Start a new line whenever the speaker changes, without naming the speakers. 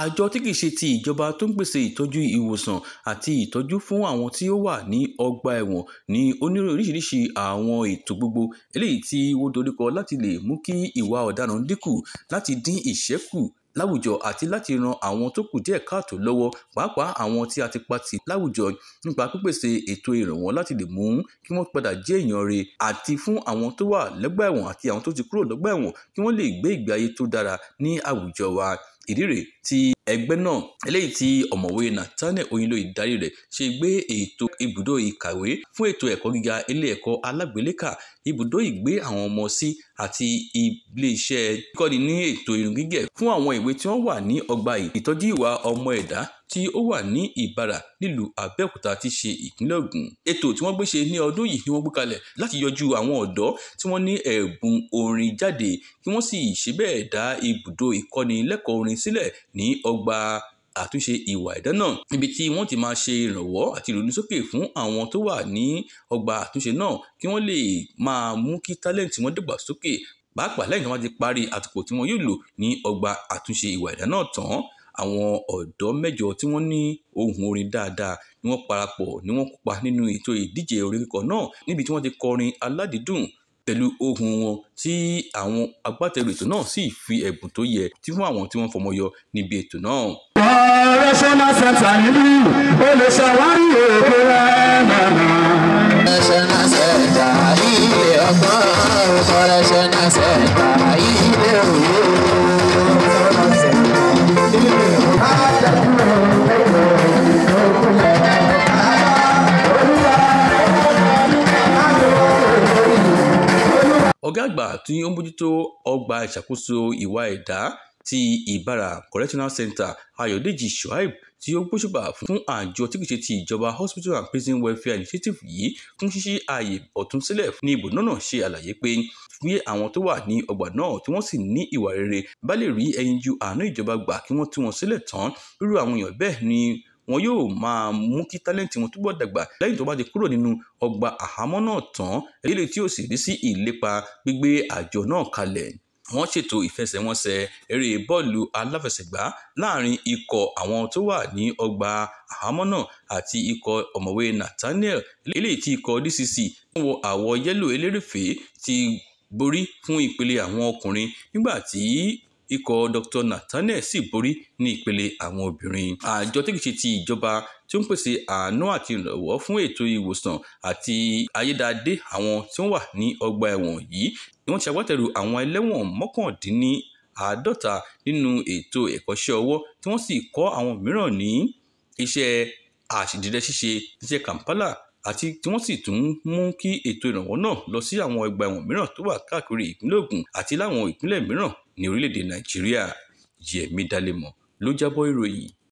àjọ tí kìí ṣe ti ìjọba tó ń pèsè ìtọ́jú ìwòsàn àti ìtọ́jú fún àwọn tí ó wà ní ọgbà ẹ̀wọ̀n ní onírúurú àwọn ètò gbogbo eléyìí tí wọ́n dorúkọ láti lè mú kí ìwà ọ̀daràn dínkù láti dín ìṣẹ́kù láwùjọ àti láti ran àwọn tó kù díẹ̀ káàtó lọ́wọ́ pàápàá àwọn tí a ti pa tì láwùjọ nípa pípèsè ètò ìrànwọ́ láti lè mú kí wọ́n padà jẹ́ èèyàn re àti fún àwọn tó wà lọ́gbà ẹ̀wọ̀n àti àwọn tó ti kúrò lọ́gbà ẹ̀wọ̀n kí wọ́n lè gbé ìgbé ayé tó dára ní àwùjọ wa ìdí rèé tí ẹgbẹ́ náà eléyìí tí ọ̀mọ̀wé Nathaniel Oyinlo ìdarí rẹ̀ ṣe gbé ètò ibùdó ìkàwé fún ètò ẹ̀kọ́ gíga ilé ẹ̀kọ́ alágbèélékà ibùdó ìgbé àwọn ọmọ sí àti iléeṣẹ́ kíkọ́ni ní ètò irun gígẹ̀ fún àwọn ìwé tí wọ́n wà ní ọgbà ìtọ́jú ìwà ọmọ ẹ̀dá tí ó wà ní ìbàrà nílùú abẹ́òkúta ti ṣe ìpínlẹ̀ ògùn ètò tí wọ́n gbé ṣe ní ọdún yìí ni wọ́n gbé kalẹ̀ láti yọjú àwọn ọ̀dọ́ tí wọ́n ní ẹ̀bùn orin jáde kí wọ́n sì ṣe bẹ́ẹ̀ dá ibùdó ìkọ́ni lẹ́kọ̀ọ́ orin sílẹ̀ ní ọgbà àtúnṣe ìwà ẹ̀dá náà níbi tí wọ́n ti máa ṣe ìrànwọ́ àti ìrònúsókè fún àwọn tó wà ní ọgbà àtúnṣe náà kí wọ́n lè máa mú kí tálẹ́ǹtì wọn dàgbà sókè pàápàá lẹ́yìn tí wọ́n ti parí àtùkò tí wọ́n yóò lò ní ọgbà àtúnṣe ìwà ẹ̀dá náà tán àwọn ọ̀dọ́ mẹ́jọ tí wọ́n ní ohùn orin dáadáa ni wọ́n parapọ̀ ni wọ́n kópa nínú ètò ìdíje orin kíkọ náà níbi tí wọ́n ti kọrin aládìídùn pẹ̀lú ohùn wọn tí àwọn agbátẹrù ètò náà sì fi ẹ̀bùn tó yẹ tí fún àwọn tí wọ́n fọmọ yọ níbi ètò náà. National Center níbí o lè ṣàwárí òkú rẹ̀ nànà. National Center ilé ọgbọ́n National Center. ọ̀gá àgbà tí ó ń bójútó ọgbà ìṣàkóso ìwà ẹ̀dá ti ìbára correctional center ayọ̀dèjì shuaib tí ó gbóṣùbà fún àjọ tí kìí ṣe ti ìjọba hospital and prison welfare initiative yìí fún ṣíṣí ààyè ọ̀tún sílẹ̀ ní ibùdó náà ṣe àlàyé pé fún àwọn tó wà ní ọgbà náà tí wọ́n sì ní ìwà rere bá lè rí ẹyin ju àánú ìjọba gbà kí wọ́n tú wọn sílẹ̀ tán irú àwọn èèyàn bẹ́ẹ̀ ni wọn yóò máa mú kí tálẹ́ǹtì wọn túbọ̀ dàgbà lẹ́yìn tó bá ti kúrò nínú ọgbà àhámọ́ náà tán eléyìí tí ó sì rí sí ìlépa gbígbé àjọ náà kalẹ̀ wọ́n ṣètò ìfẹsẹ̀wọnsẹ̀ eré bọ́ọ̀lù aláfẹsẹ̀gbá láàrin ikọ̀ àwọn tó wà ní ọgbà àhámọ́ náà àti ikọ̀ ọ̀mọ̀wé Nathaniel eléyìí tí ikọ̀ DCC wọ àwọ̀ yẹ́lò elérèfé ti borí fún ìpele àwọn ọkùnrin nígbà tí ikọ̀ Dr Nathaniel sì borí ní ìpele àwọn obìnrin àjọ tí kìí ṣe ti ìjọba tí ó ń pèsè àánú àti ìrànwọ́ fún ètò ìwòsàn àti ayédáadé àwọn tí wọ́n wà ní ọgbà ẹ̀wọ̀n yìí ni wọ́n ti agbátẹrù àwọn ẹlẹ́wọ̀n mọ́kàndínní àádọ́ta nínú ètò ẹ̀kọ́ṣẹ́ ọwọ́ tí wọ́n sì kọ́ àwọn mìíràn ní iṣẹ́ àṣìdídẹ́ ṣíṣe iṣẹ́ Kampala àti tí wọ́n sì tún mú kí ètò ìrànwọ́ náà lọ sí àwọn ọgbà ẹ̀wọ̀n mìíràn tó wà káàkiri ìpínlẹ̀ Ògùn àti láwọn ìpínlẹ̀ mìíràn ní orílẹ̀-èdè Nàìjíríà Yẹmi Dalemo ló jábọ̀ ìròyìn